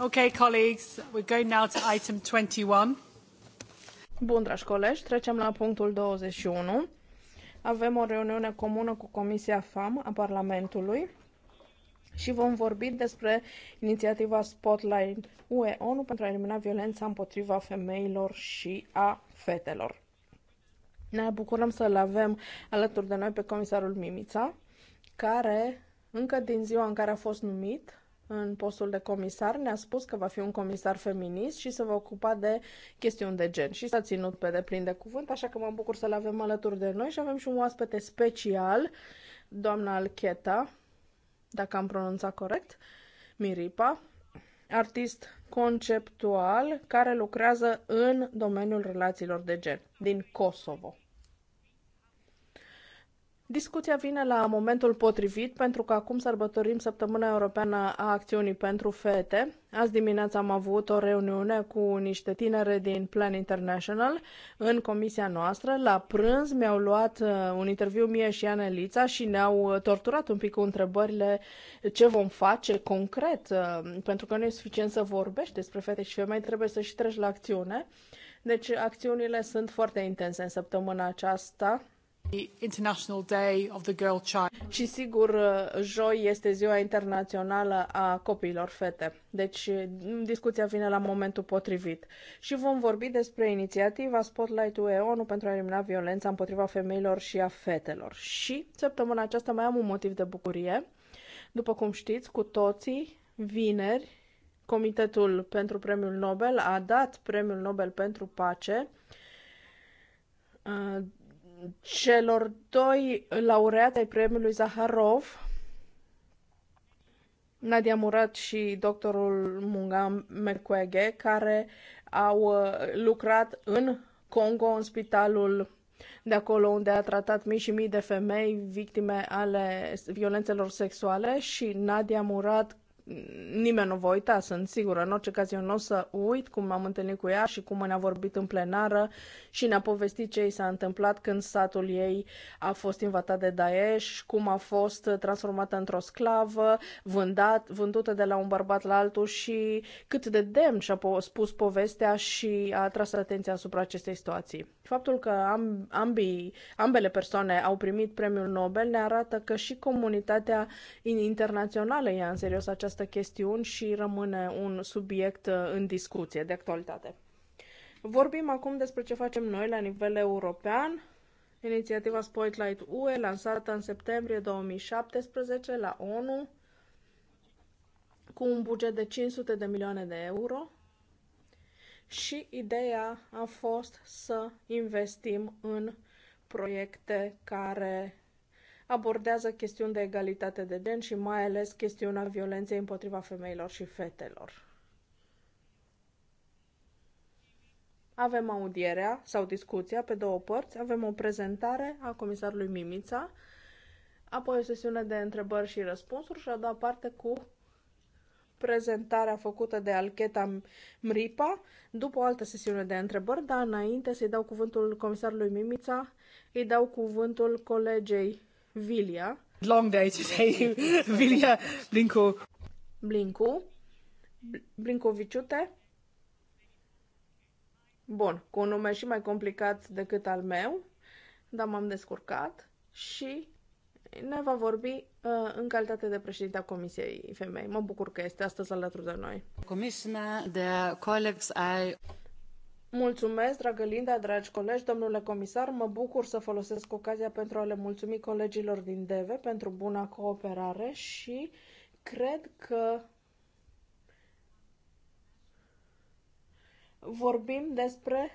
Okay, colleagues, we're going now to item 21. Bun, dragi colegi, trecem la punctul 21. Avem o reuniune comună cu Comisia FAM a Parlamentului și vom vorbi despre inițiativa Spotlight UE ONU pentru a elimina violența împotriva femeilor și a fetelor. Ne bucurăm să-l avem alături de noi pe comisarul Mimița, care încă din ziua în care a fost numit în postul de comisar, ne-a spus că va fi un comisar feminist și se va ocupa de chestiuni de gen. Și s-a ținut pe deplin de cuvânt, așa că mă bucur să-l avem alături de noi și avem și un oaspete special, doamna Alcheta, dacă am pronunțat corect, Miripa, artist conceptual care lucrează în domeniul relațiilor de gen din Kosovo. Discuția vine la momentul potrivit pentru că acum sărbătorim Săptămâna Europeană a Acțiunii pentru Fete. Azi dimineața am avut o reuniune cu niște tinere din Plan International în comisia noastră. La prânz mi-au luat uh, un interviu mie și Anelița și ne-au uh, torturat un pic cu întrebările ce vom face concret, uh, pentru că nu e suficient să vorbești despre fete și femei, trebuie să și treci la acțiune. Deci acțiunile sunt foarte intense în săptămâna aceasta International Day of the Girl Child. Și sigur, uh, joi este ziua internațională a copiilor fete. Deci uh, discuția vine la momentul potrivit. Și vom vorbi despre inițiativa Spotlight UE ONU pentru a elimina violența împotriva femeilor și a fetelor. Și săptămâna aceasta mai am un motiv de bucurie. După cum știți, cu toții, vineri, Comitetul pentru Premiul Nobel a dat Premiul Nobel pentru Pace uh, celor doi laureate ai premiului Zaharov, Nadia Murat și doctorul Munga Mekwege, care au uh, lucrat în Congo, în spitalul de acolo unde a tratat mii și mii de femei victime ale violențelor sexuale și Nadia Murat, nimeni nu va uita, sunt sigură. În orice caz, eu nu o să uit cum m-am întâlnit cu ea și cum ne-a vorbit în plenară și ne-a povestit ce i s-a întâmplat când satul ei a fost invadat de Daesh, cum a fost transformată într-o sclavă, vândat, vândută de la un bărbat la altul și cât de demn și-a spus povestea și a atras atenția asupra acestei situații. Faptul că ambii, ambele persoane au primit premiul Nobel ne arată că și comunitatea internațională ia în serios această această chestiune și rămâne un subiect uh, în discuție de actualitate. Vorbim acum despre ce facem noi la nivel european. Inițiativa Spotlight UE, lansată în septembrie 2017 la ONU, cu un buget de 500 de milioane de euro. Și ideea a fost să investim în proiecte care abordează chestiuni de egalitate de gen și mai ales chestiunea violenței împotriva femeilor și fetelor. Avem audierea sau discuția pe două părți, avem o prezentare a comisarului Mimița, apoi o sesiune de întrebări și răspunsuri și a doua parte cu prezentarea făcută de Alcheta Mripa, după o altă sesiune de întrebări, dar înainte să-i dau cuvântul comisarului Mimița, îi dau cuvântul colegei Vilia. Long day today, Vilia Blinko. Blinko viciute. Bun, cu un nume și mai complicat decât al meu, dar m-am descurcat și ne va vorbi uh, în calitate de președinte a Comisiei Femei. Mă bucur că este astăzi alături de noi. Comisia de colegi ai... Mulțumesc, dragă Linda, dragi colegi, domnule comisar, mă bucur să folosesc ocazia pentru a le mulțumi colegilor din DEVE pentru buna cooperare și cred că vorbim despre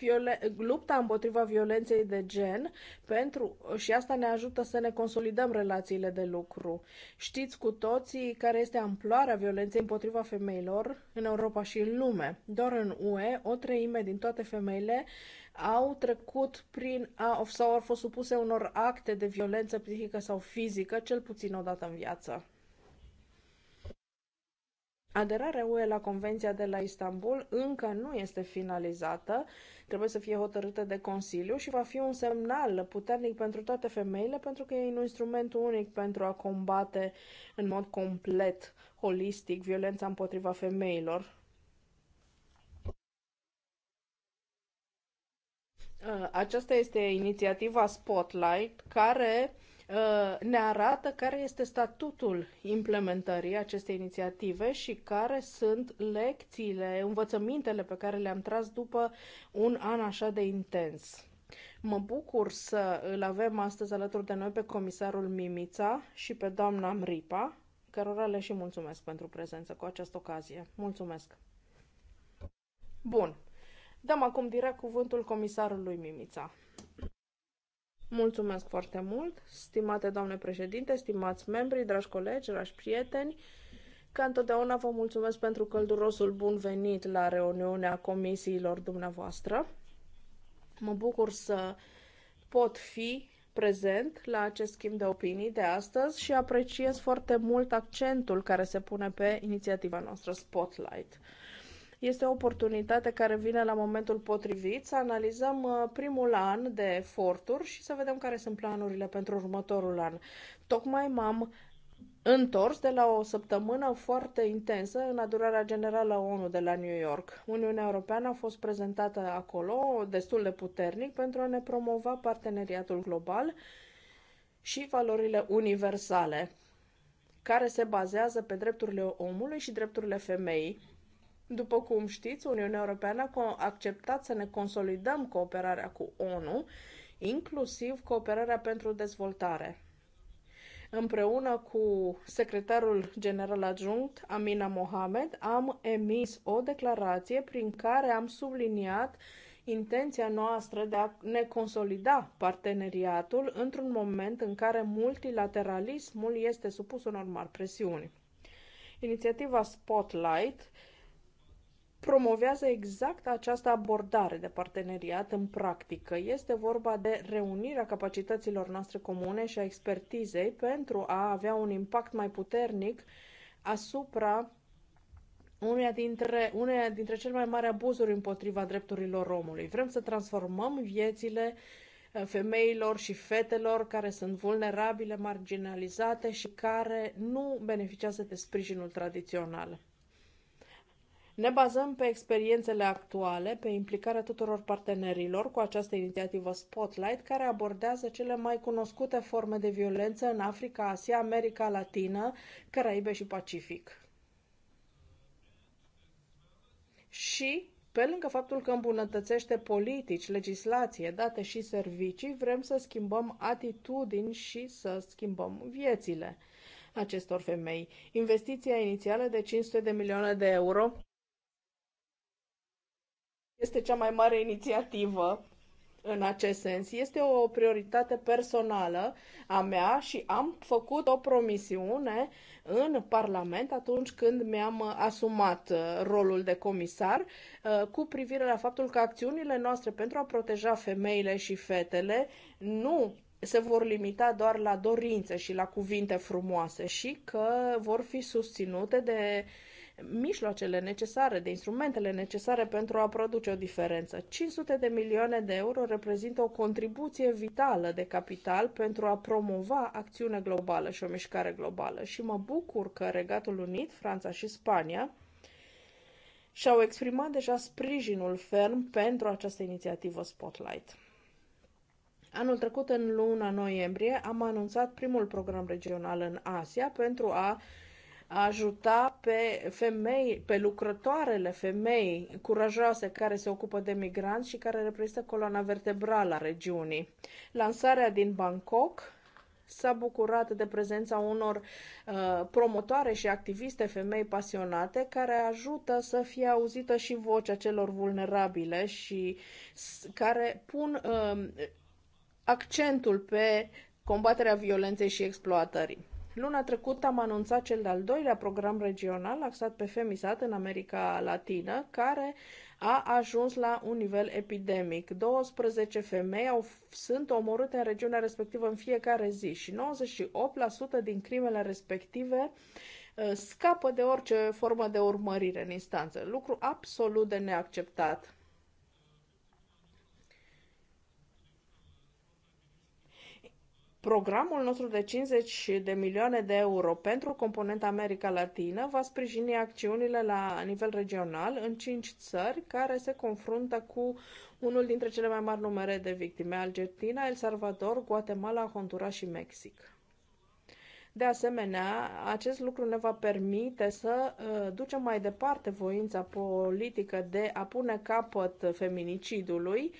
violen- lupta împotriva violenței de gen pentru, și asta ne ajută să ne consolidăm relațiile de lucru. Știți cu toții care este amploarea violenței împotriva femeilor în Europa și în lume. Doar în UE, o treime din toate femeile au trecut prin a, sau au fost supuse unor acte de violență psihică sau fizică, cel puțin o dată în viață. Aderarea UE la Convenția de la Istanbul încă nu este finalizată, trebuie să fie hotărâtă de Consiliu și va fi un semnal puternic pentru toate femeile, pentru că e un instrument unic pentru a combate în mod complet, holistic, violența împotriva femeilor. Ă, aceasta este inițiativa Spotlight, care Uh, ne arată care este statutul implementării acestei inițiative și care sunt lecțiile, învățămintele pe care le-am tras după un an așa de intens. Mă bucur să îl avem astăzi alături de noi pe comisarul Mimița și pe doamna Mripa, cărora le și mulțumesc pentru prezență cu această ocazie. Mulțumesc! Bun. Dăm acum direct cuvântul comisarului Mimița. Mulțumesc foarte mult, stimate doamne președinte, stimați membri, dragi colegi, dragi prieteni. Ca întotdeauna vă mulțumesc pentru căldurosul bun venit la reuniunea comisiilor dumneavoastră. Mă bucur să pot fi prezent la acest schimb de opinii de astăzi și apreciez foarte mult accentul care se pune pe inițiativa noastră Spotlight. Este o oportunitate care vine la momentul potrivit să analizăm uh, primul an de eforturi și să vedem care sunt planurile pentru următorul an. Tocmai m-am întors de la o săptămână foarte intensă în adurarea generală a ONU de la New York. Uniunea Europeană a fost prezentată acolo destul de puternic pentru a ne promova parteneriatul global și valorile universale care se bazează pe drepturile omului și drepturile femeii. După cum știți, Uniunea Europeană a acceptat să ne consolidăm cooperarea cu ONU, inclusiv cooperarea pentru dezvoltare. Împreună cu secretarul general adjunct Amina Mohamed am emis o declarație prin care am subliniat intenția noastră de a ne consolida parteneriatul într-un moment în care multilateralismul este supus unor mari presiuni. Inițiativa Spotlight promovează exact această abordare de parteneriat în practică. Este vorba de reunirea capacităților noastre comune și a expertizei pentru a avea un impact mai puternic asupra uneia dintre, uneia dintre cele mai mari abuzuri împotriva drepturilor omului. Vrem să transformăm viețile uh, femeilor și fetelor care sunt vulnerabile, marginalizate și care nu beneficiază de sprijinul tradițional. Ne bazăm pe experiențele actuale, pe implicarea tuturor partenerilor cu această inițiativă Spotlight, care abordează cele mai cunoscute forme de violență în Africa, Asia, America Latină, Caraibe și Pacific. Și pe lângă faptul că îmbunătățește politici, legislație, date și servicii, vrem să schimbăm atitudini și să schimbăm viețile acestor femei. Investiția inițială de 500 de milioane de euro este cea mai mare inițiativă în acest sens. Este o prioritate personală a mea și am făcut o promisiune în Parlament atunci când mi-am asumat uh, rolul de comisar uh, cu privire la faptul că acțiunile noastre pentru a proteja femeile și fetele nu se vor limita doar la dorințe și la cuvinte frumoase și că vor fi susținute de uh, mijloacele necesare, de instrumentele necesare pentru a produce o diferență. 500 de milioane de euro reprezintă o contribuție vitală de capital pentru a promova acțiune globală și o mișcare globală și mă bucur că Regatul Unit, Franța și Spania și-au exprimat deja sprijinul ferm pentru această inițiativă Spotlight. Anul trecut, în luna noiembrie, am anunțat primul program regional în Asia pentru a a ajuta pe femei, pe lucrătoarele femei curajoase care se ocupă de migranți și care reprezintă coloana vertebrală a regiunii. Lansarea din Bangkok s-a bucurat de prezența unor uh, promotoare și activiste femei pasionate care ajută să fie auzită și vocea celor vulnerabile și care pun uh, accentul pe combaterea violenței și exploatării. Luna trecută am anunțat cel de-al doilea program regional axat pe Femisat în America Latină, care a ajuns la un nivel epidemic. 12 femei au, sunt omorâte în regiunea respectivă în fiecare zi și 98% din crimele respective uh, scapă de orice formă de urmărire în instanță. Lucru absolut de neacceptat. Programul nostru de 50 de milioane de euro pentru componenta America Latină va sprijini acțiunile la nivel regional în cinci țări care se confruntă cu unul dintre cele mai mari numere de victime, Argentina, El Salvador, Guatemala, Honduras și Mexic. De asemenea, acest lucru ne va permite să uh, ducem mai departe voința politică de a pune capăt feminicidului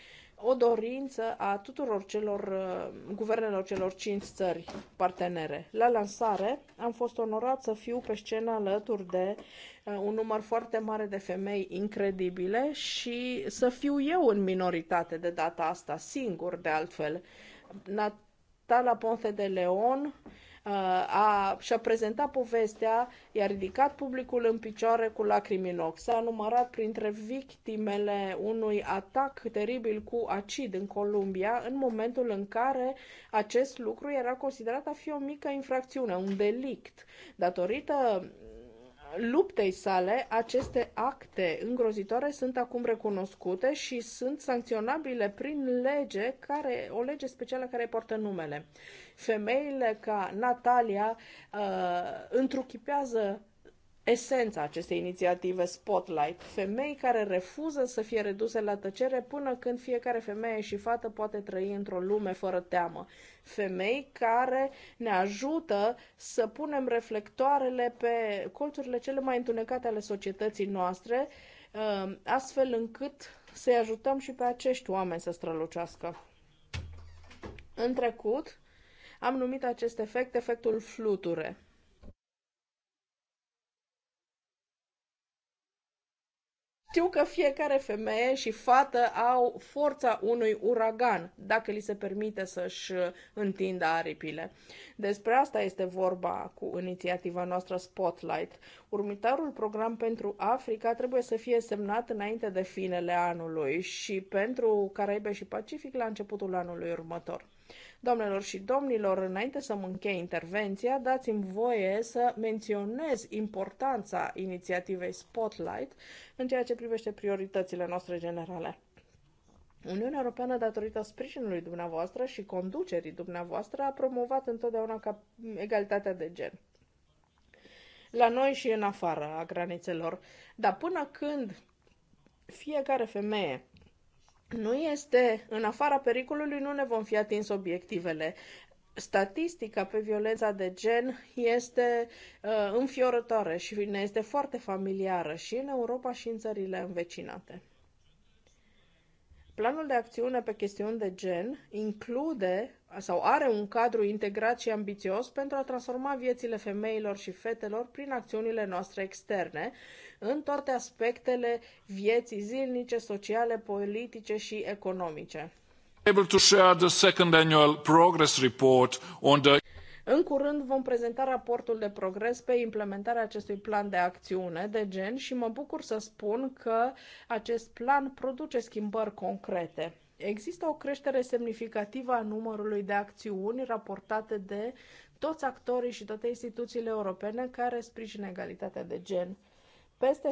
o dorință a tuturor celor, uh, guvernelor celor cinci țări partenere. La lansare am fost onorat să fiu pe scenă alături de uh, un număr foarte mare de femei incredibile și să fiu eu în minoritate de data asta, singur de altfel. Natala Ponce de Leon, Uh, a, și-a prezentat povestea, i-a ridicat publicul în picioare cu lacrimi în ochi. S-a numărat printre victimele unui atac teribil cu acid în Columbia, în momentul în care acest lucru era considerat a fi o mică infracțiune, un delict. Datorită luptei sale, aceste acte îngrozitoare sunt acum recunoscute și sunt sancționabile prin lege, care, o lege specială care portă numele. Femeile ca Natalia uh, întruchipează esența acestei inițiative Spotlight, femei care refuză să fie reduse la tăcere până când fiecare femeie și fată poate trăi într-o lume fără teamă. Femei care ne ajută să punem reflectoarele pe colțurile cele mai întunecate ale societății noastre, um, astfel încât să-i ajutăm și pe acești oameni să strălucească. În trecut, am numit acest efect efectul fluture Știu că fiecare femeie și fată au forța unui uragan, dacă li se permite să-și uh, întindă aripile. Despre asta este vorba cu inițiativa noastră Spotlight. Următorul program pentru Africa trebuie să fie semnat înainte de finele anului și pentru Caraibe și Pacific la începutul anului următor. Doamnelor și domnilor, înainte să mă închei intervenția, dați-mi voie să menționez importanța inițiativei Spotlight în ceea ce privește prioritățile noastre generale. Uniunea Europeană, datorită sprijinului dumneavoastră și conducerii dumneavoastră, a promovat întotdeauna ca egalitatea de gen. La noi și în afara granițelor. Dar până când fiecare femeie nu este în afara pericolului, nu ne vom fi atins obiectivele. Statistica pe violența de gen este uh, înfiorătoare și ne este foarte familiară și în Europa și în țările învecinate. Planul de acțiune pe chestiuni de gen include sau are un cadru integrat și ambițios pentru a transforma viețile femeilor și fetelor prin acțiunile noastre externe, în toate aspectele vieții zilnice, sociale, politice și economice. Able to share the second annual progress report on the în curând vom prezenta raportul de progres pe implementarea acestui plan de acțiune de gen și mă bucur să spun că acest plan produce schimbări concrete. Există o creștere semnificativă a numărului de acțiuni raportate de toți actorii și toate instituțiile europene care sprijină egalitatea de gen. Peste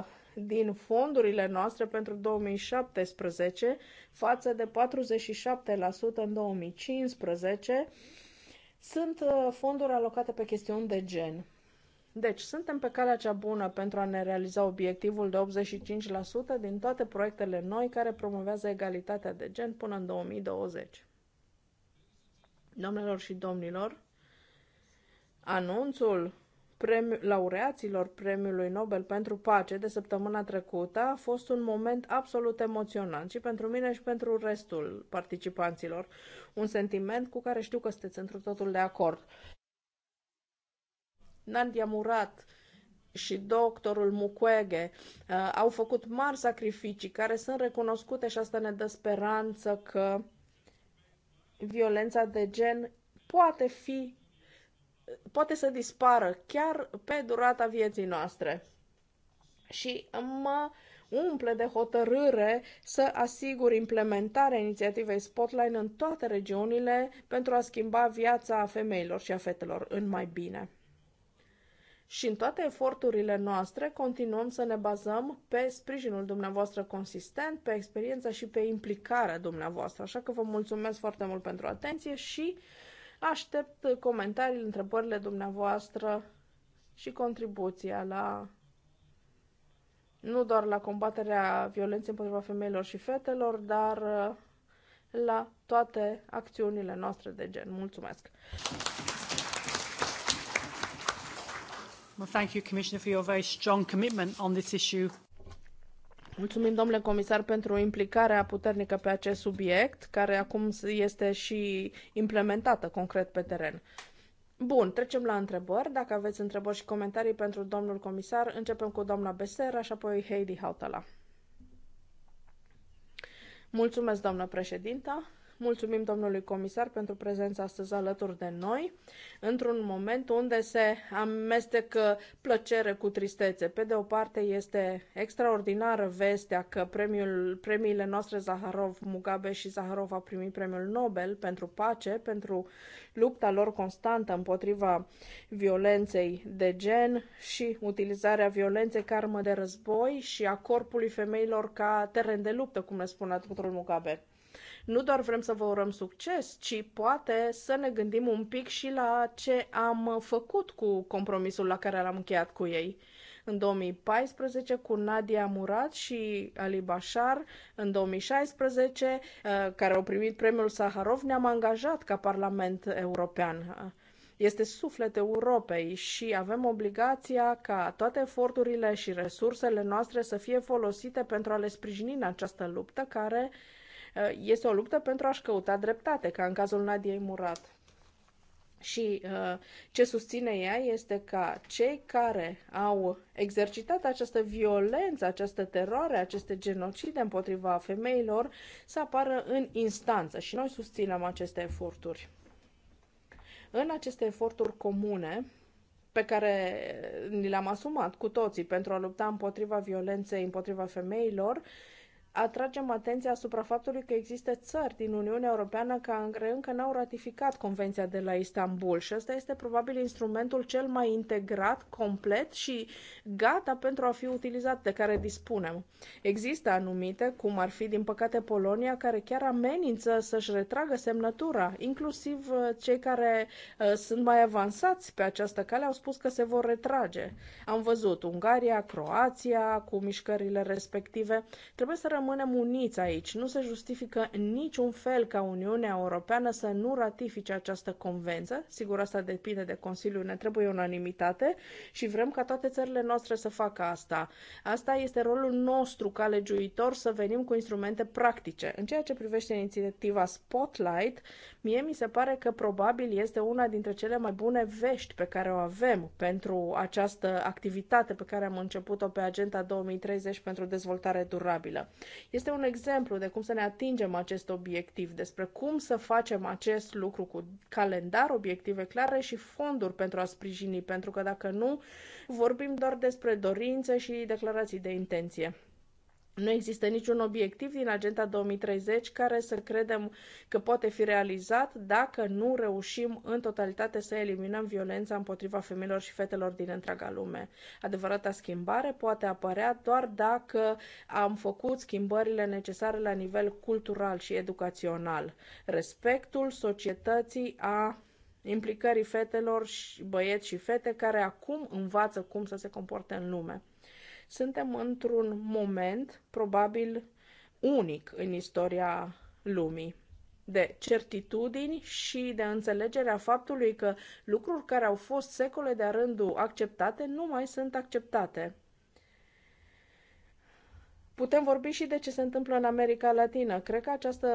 65% din fondurile noastre pentru 2017 față de 47% în 2015 sunt uh, fonduri alocate pe chestiuni de gen. Deci, suntem pe calea cea bună pentru a ne realiza obiectivul de 85% din toate proiectele noi care promovează egalitatea de gen până în 2020. Domnilor și domnilor, anunțul premi- laureaților Premiului Nobel pentru Pace de săptămâna trecută a fost un moment absolut emoționant și pentru mine și pentru restul participanților. Un sentiment cu care știu că sunteți într totul de acord. Nandia Murat și doctorul Mukwege uh, au făcut mari sacrificii care sunt recunoscute și asta ne dă speranță că violența de gen poate fi poate să dispară chiar pe durata vieții noastre. Și mă umple de hotărâre să asigur implementarea inițiativei Spotlight în toate regiunile pentru a schimba viața femeilor și a fetelor în mai bine și în toate eforturile noastre continuăm să ne bazăm pe sprijinul dumneavoastră consistent, pe experiența și pe implicarea dumneavoastră. Așa că vă mulțumesc foarte mult pentru atenție și aștept comentariile, întrebările dumneavoastră și contribuția la nu doar la combaterea violenței împotriva femeilor și fetelor, dar uh, la toate acțiunile noastre de gen. Mulțumesc! Well, thank you, Commissioner, for your very strong commitment on this issue. Mulțumim, domnule comisar, pentru implicarea puternică pe acest subiect, care acum este și implementată concret pe teren. Bun, trecem la întrebări. Dacă aveți întrebări și comentarii pentru domnul comisar, începem cu doamna Beser, și apoi Heidi Hautala. Mulțumesc, doamnă președintă. Mulțumim domnului comisar pentru prezența astăzi alături de noi, într-un moment unde se amestecă plăcere cu tristețe. Pe de o parte, este extraordinară vestea că premiul, premiile noastre Zaharov, Mugabe și Zaharov a primit premiul Nobel pentru pace, pentru lupta lor constantă împotriva violenței de gen și utilizarea violenței ca armă de război și a corpului femeilor ca teren de luptă, cum ne spunea doctorul Mugabe. Nu doar vrem să vă urăm succes, ci poate să ne gândim un pic și la ce am făcut cu compromisul la care l-am încheiat cu ei. În 2014 cu Nadia Murat și Ali Bashar, în 2016, uh, care au primit premiul Saharov, ne-am angajat ca Parlament European este suflet Europei și avem obligația ca toate eforturile și resursele noastre să fie folosite pentru a le sprijini în această luptă care Uh, este o luptă pentru a-și căuta dreptate, ca în cazul Nadiei Murat. Și uh, ce susține ea este ca cei care au exercitat această violență, această teroare, aceste genocide împotriva femeilor să apară în instanță și noi susținem aceste eforturi. În aceste eforturi comune pe care ni le-am asumat cu toții pentru a lupta împotriva violenței împotriva femeilor, atragem atenția asupra faptului că există țări din Uniunea Europeană care încă n-au ratificat Convenția de la Istanbul și ăsta este probabil instrumentul cel mai integrat, complet și gata pentru a fi utilizat, de care dispunem. Există anumite, cum ar fi, din păcate, Polonia, care chiar amenință să-și retragă semnătura. Inclusiv uh, cei care uh, sunt mai avansați pe această cale au spus că se vor retrage. Am văzut Ungaria, Croația, cu mișcările respective. Trebuie să rămânem uniți aici. Nu se justifică în niciun fel ca Uniunea Europeană să nu ratifice această convenție. Sigur, asta depinde de Consiliu, ne trebuie unanimitate și vrem ca toate țările noastre să facă asta. Asta este rolul nostru ca legiuitor să venim cu instrumente practice. În ceea ce privește inițiativa Spotlight, mie mi se pare că probabil este una dintre cele mai bune vești pe care o avem pentru această activitate pe care am început-o pe agenda 2030 pentru dezvoltare durabilă. Este un exemplu de cum să ne atingem acest obiectiv, despre cum să facem acest lucru cu calendar, obiective clare și fonduri pentru a sprijini, pentru că dacă nu, vorbim doar despre dorințe și declarații de intenție. Nu există niciun obiectiv din Agenda 2030 care să credem că poate fi realizat dacă nu reușim în totalitate să eliminăm violența împotriva femeilor și fetelor din întreaga lume. Adevărata schimbare poate apărea doar dacă am făcut schimbările necesare la nivel cultural și educațional. Respectul societății a implicării fetelor, și băieți și fete care acum învață cum să se comporte în lume. Suntem într-un moment, probabil, unic în istoria lumii de certitudini și de înțelegerea faptului că lucruri care au fost secole de-a rândul acceptate nu mai sunt acceptate. Putem vorbi și de ce se întâmplă în America Latină. Cred că această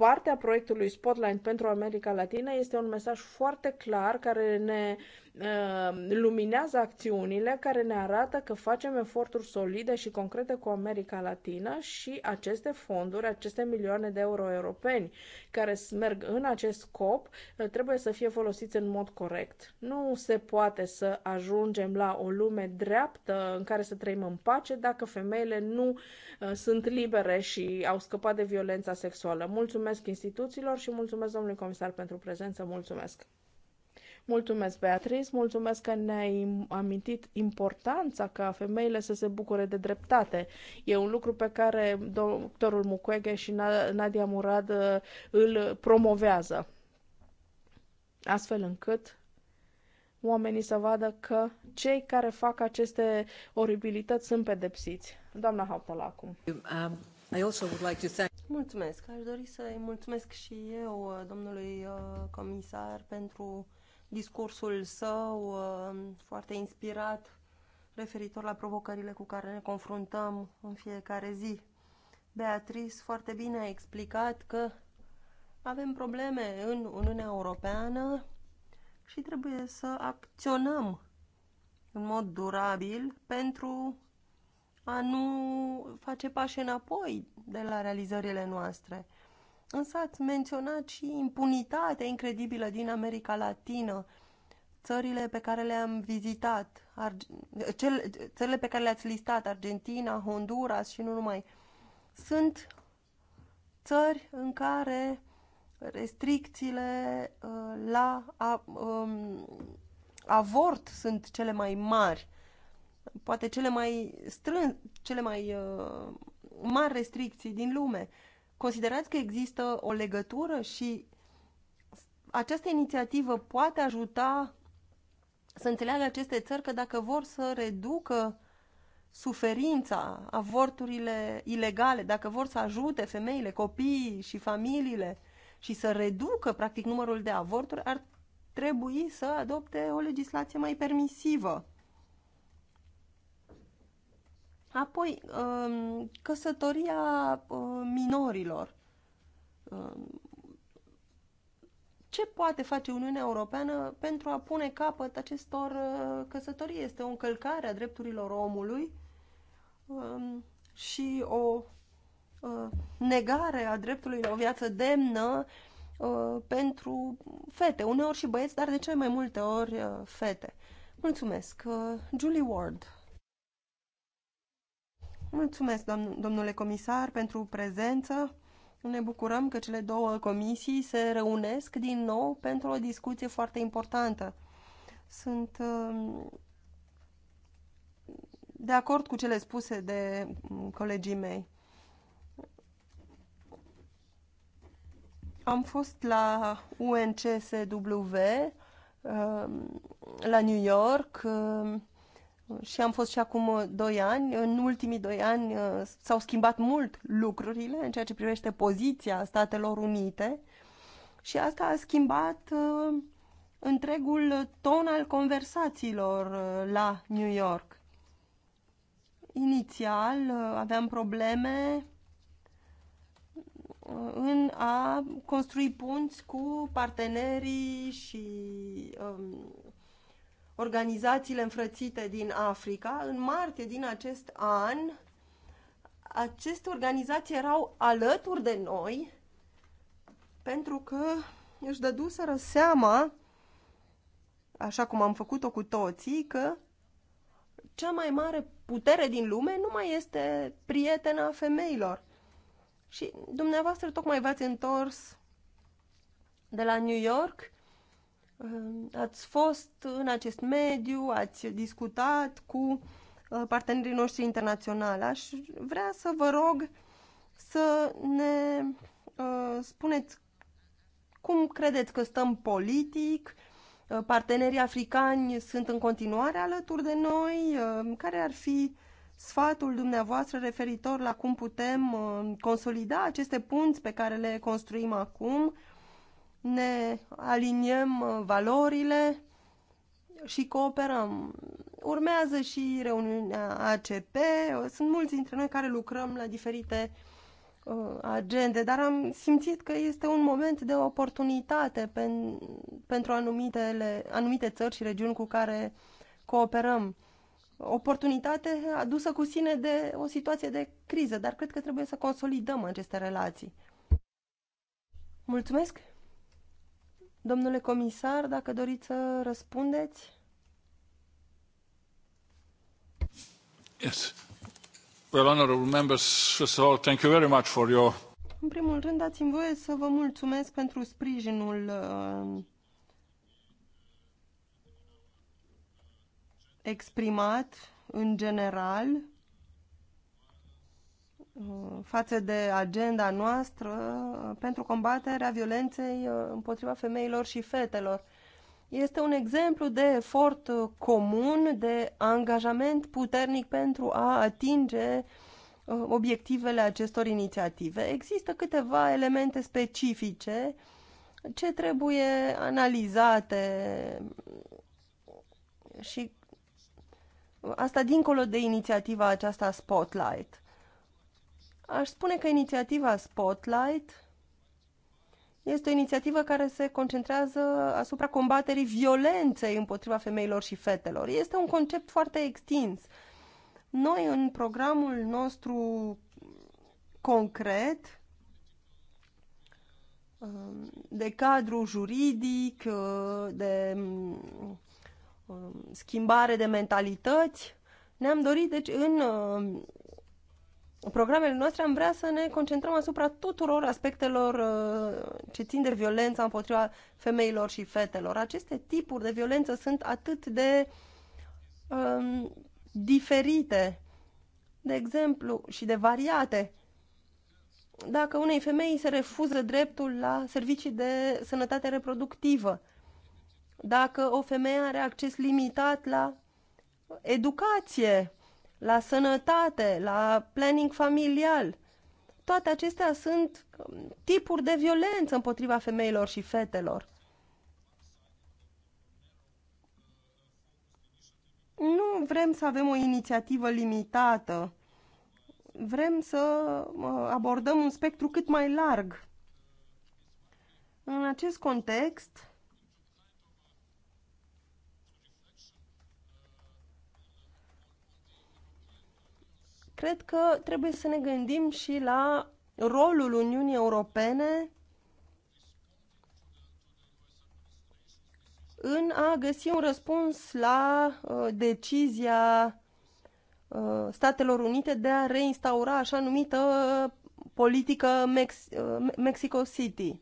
Partea proiectului Spotlight pentru America Latină este un mesaj foarte clar care ne uh, luminează acțiunile, care ne arată că facem eforturi solide și concrete cu America Latină și aceste fonduri, aceste milioane de euro europeni care merg în acest scop, uh, trebuie să fie folosiți în mod corect. Nu se poate să ajungem la o lume dreaptă în care să trăim în pace dacă femeile nu uh, sunt libere și au scăpat de violența sexuală. Mulțumesc Mulțumesc instituțiilor și mulțumesc domnului comisar pentru prezență. Mulțumesc! Mulțumesc, Beatrice, mulțumesc că ne-ai amintit importanța ca femeile să se bucure de dreptate. E un lucru pe care doctorul Mukwege și Nadia Murad uh, îl promovează, astfel încât oamenii să vadă că cei care fac aceste oribilități sunt pedepsiți. Doamna Hautala, acum. Um. Mulțumesc. Aș dori să-i mulțumesc și eu, uh, domnului uh, comisar, pentru discursul său uh, foarte inspirat referitor la provocările cu care ne confruntăm în fiecare zi. Beatrice foarte bine a explicat că avem probleme în Uniunea Europeană și trebuie să acționăm în mod durabil pentru a nu face pași înapoi de la realizările noastre. Însă ați menționat și impunitatea incredibilă din America Latină, țările pe care le-am vizitat, Arge- cel, țările pe care le-ați listat, Argentina, Honduras și nu numai, sunt țări în care restricțiile uh, la a, um, avort sunt cele mai mari poate cele mai strân, cele mai uh, mari restricții din lume. Considerați că există o legătură și această inițiativă poate ajuta să înțeleagă aceste țări că dacă vor să reducă suferința, avorturile ilegale, dacă vor să ajute femeile, copiii și familiile și să reducă, practic, numărul de avorturi, ar trebui să adopte o legislație mai permisivă. Apoi, um, căsătoria uh, minorilor. Um, ce poate face Uniunea Europeană pentru a pune capăt acestor uh, căsătorii? Este o încălcare a drepturilor omului um, și o uh, negare a dreptului la o viață demnă pentru fete, uneori și băieți, dar de cele mai multe ori fete. Mulțumesc. Julie Ward. Mulțumesc, domn domnule comisar, pentru prezență. Ne bucurăm că cele două comisii se reunesc din nou pentru o discuție foarte importantă. Sunt um, de acord cu cele spuse de um, colegii mei. Am fost la UNCSW um, la New York și am fost și acum uh, doi ani. În ultimii doi ani uh, s-au schimbat mult lucrurile în ceea ce privește poziția Statelor Unite și asta a schimbat uh, întregul ton al conversațiilor la New York. Inițial aveam probleme în a construi punți cu partenerii și um, organizațiile înfrățite din Africa, în martie din acest an, aceste organizații erau alături de noi pentru că își dăduseră seama, așa cum am făcut-o cu toții, că cea mai mare putere din lume nu mai este prietena femeilor. Și dumneavoastră tocmai v-ați întors de la New York Ehm, ați fost în acest mediu, ați discutat cu eh, partenerii noștri internaționali. Aș vrea să vă rog să ne eh, spuneți cum credeți că stăm politic, eh, partenerii africani sunt în continuare alături de noi, ehm, care ar fi sfatul dumneavoastră referitor la cum putem consolida aceste punți pe care le construim acum, ne aliniem uh, valorile și cooperăm. Urmează și reuniunea ACP. Sunt mulți dintre noi care lucrăm la diferite uh, agende, dar am simțit că este un moment de oportunitate pen, pentru anumitele, anumite țări și regiuni cu care cooperăm. Oportunitate adusă cu sine de o situație de criză, dar cred că trebuie să consolidăm aceste relații. Mulțumesc! Domnule comisar, dacă doriți să răspundeți? Yes. Well, honorable members, first of all, thank you very much for your... În primul rând, dați-mi voie să vă mulțumesc pentru sprijinul uh, exprimat în general Uh, față de agenda noastră uh, pentru combaterea violenței uh, împotriva femeilor și fetelor. Este un exemplu de efort comun, de angajament puternic pentru a atinge obiectivele acestor inițiative. Există câteva elemente specifice ce trebuie analizate și asta dincolo de inițiativa aceasta Spotlight. Aș spune că inițiativa Spotlight este o inițiativă care se concentrează asupra combaterii violenței împotriva femeilor și fetelor. Este un concept foarte extins. Noi, în programul nostru concret, de cadru juridic, de schimbare de mentalități, ne-am dorit, deci, în programele noastre am vrea să ne concentrăm asupra tuturor aspectelor uh, ce țin de violența împotriva femeilor și fetelor. Aceste tipuri de violență sunt atât de um, diferite, de exemplu, și de variate. Dacă unei femei se refuză dreptul la servicii de sănătate reproductivă, dacă o femeie are acces limitat la educație, la sănătate, la planning familial. Toate acestea sunt tipuri de violență împotriva femeilor și fetelor. Nu vrem să avem o inițiativă limitată. Vrem să abordăm un spectru cât mai larg. În acest context, cred că trebuie să ne gândim și la rolul Uniunii Europene în a găsi un răspuns la uh, decizia uh, Statelor Unite de a reinstaura așa numită uh, politică Mex uh, Mexico City.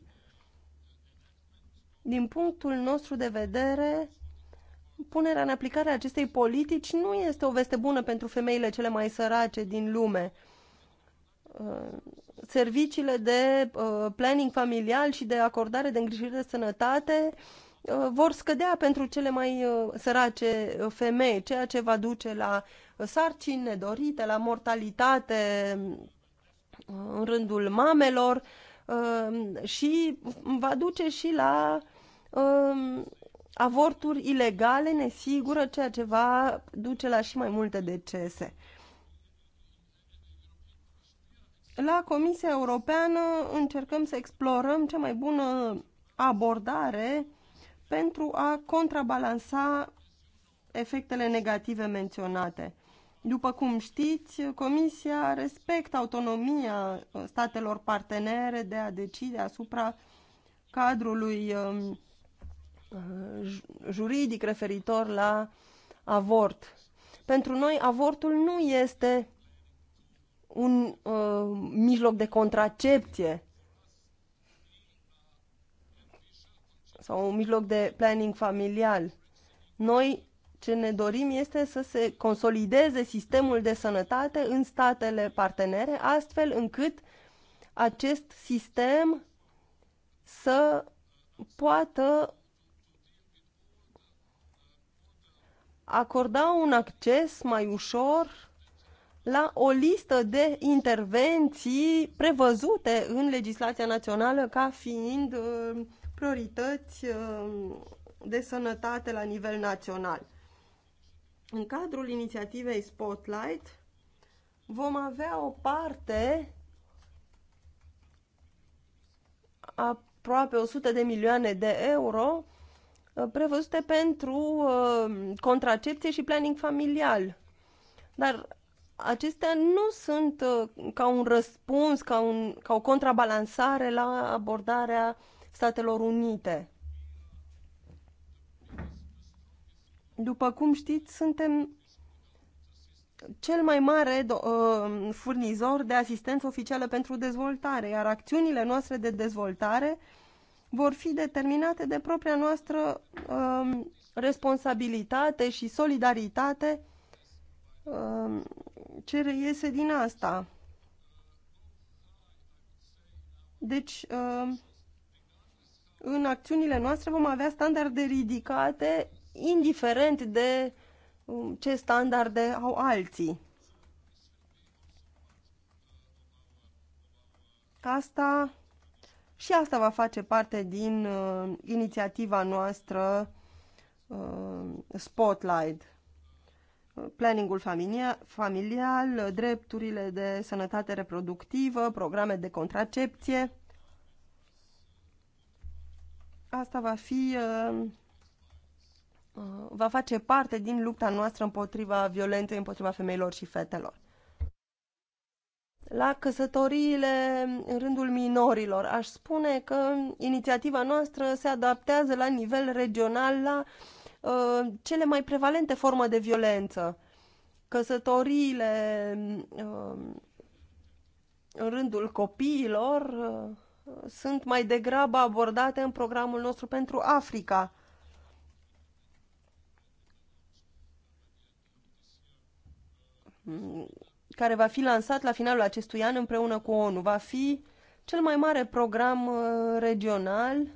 Din punctul nostru de vedere, punerea în aplicare a acestei politici nu este o veste bună pentru femeile cele mai sărace din lume. Uh, serviciile de uh, planning familial și de acordare de îngrijire de sănătate uh, vor scădea pentru cele mai sărace femei, ceea ce va duce la sarcini nedorite, la mortalitate în rândul mamelor și va duce și la avorturi ilegale, nesigură, ceea ce va duce la și mai multe decese. La Comisia Europeană încercăm să explorăm cea mai bună abordare pentru a contrabalansa efectele negative menționate. După cum știți, Comisia respectă autonomia statelor partenere de a decide asupra cadrului um, Uh, juridic referitor la avort. Pentru noi, avortul nu este un uh, mijloc de contracepție sau un mijloc de planning familial. Noi ce ne dorim este să se consolideze sistemul de sănătate în statele partenere, astfel încât acest sistem să poată acorda un acces mai ușor la o listă de intervenții prevăzute în legislația națională ca fiind uh, priorități uh, de sănătate la nivel național. În cadrul inițiativei Spotlight vom avea o parte aproape 100 de milioane de euro Uh, prevăzute pentru uh, contracepție și planning familial. Dar acestea nu sunt uh, ca un răspuns, ca, un, ca o contrabalansare la abordarea Statelor Unite. După cum știți, suntem cel mai mare furnizor de asistență oficială pentru dezvoltare, iar acțiunile noastre de dezvoltare vor fi determinate de propria noastră um, responsabilitate și solidaritate um, ce reiese din asta. Deci, um, în acțiunile noastre vom avea standarde ridicate, indiferent de um, ce standarde au alții. Asta și asta va face parte din uh, inițiativa noastră uh, Spotlight. Uh, planningul familia, familial, drepturile de sănătate reproductivă, programe de contracepție. Asta va fi uh, uh va face parte din lupta noastră împotriva violenței împotriva femeilor și fetelor la căsătoriile în rândul minorilor. Aș spune că inițiativa noastră se adaptează la nivel regional la uh, cele mai prevalente forme de violență. Căsătoriile uh, în rândul copiilor uh, sunt mai degrabă abordate în programul nostru pentru Africa. Mm care va fi lansat la finalul acestui an împreună cu ONU. Va fi cel mai mare program uh, regional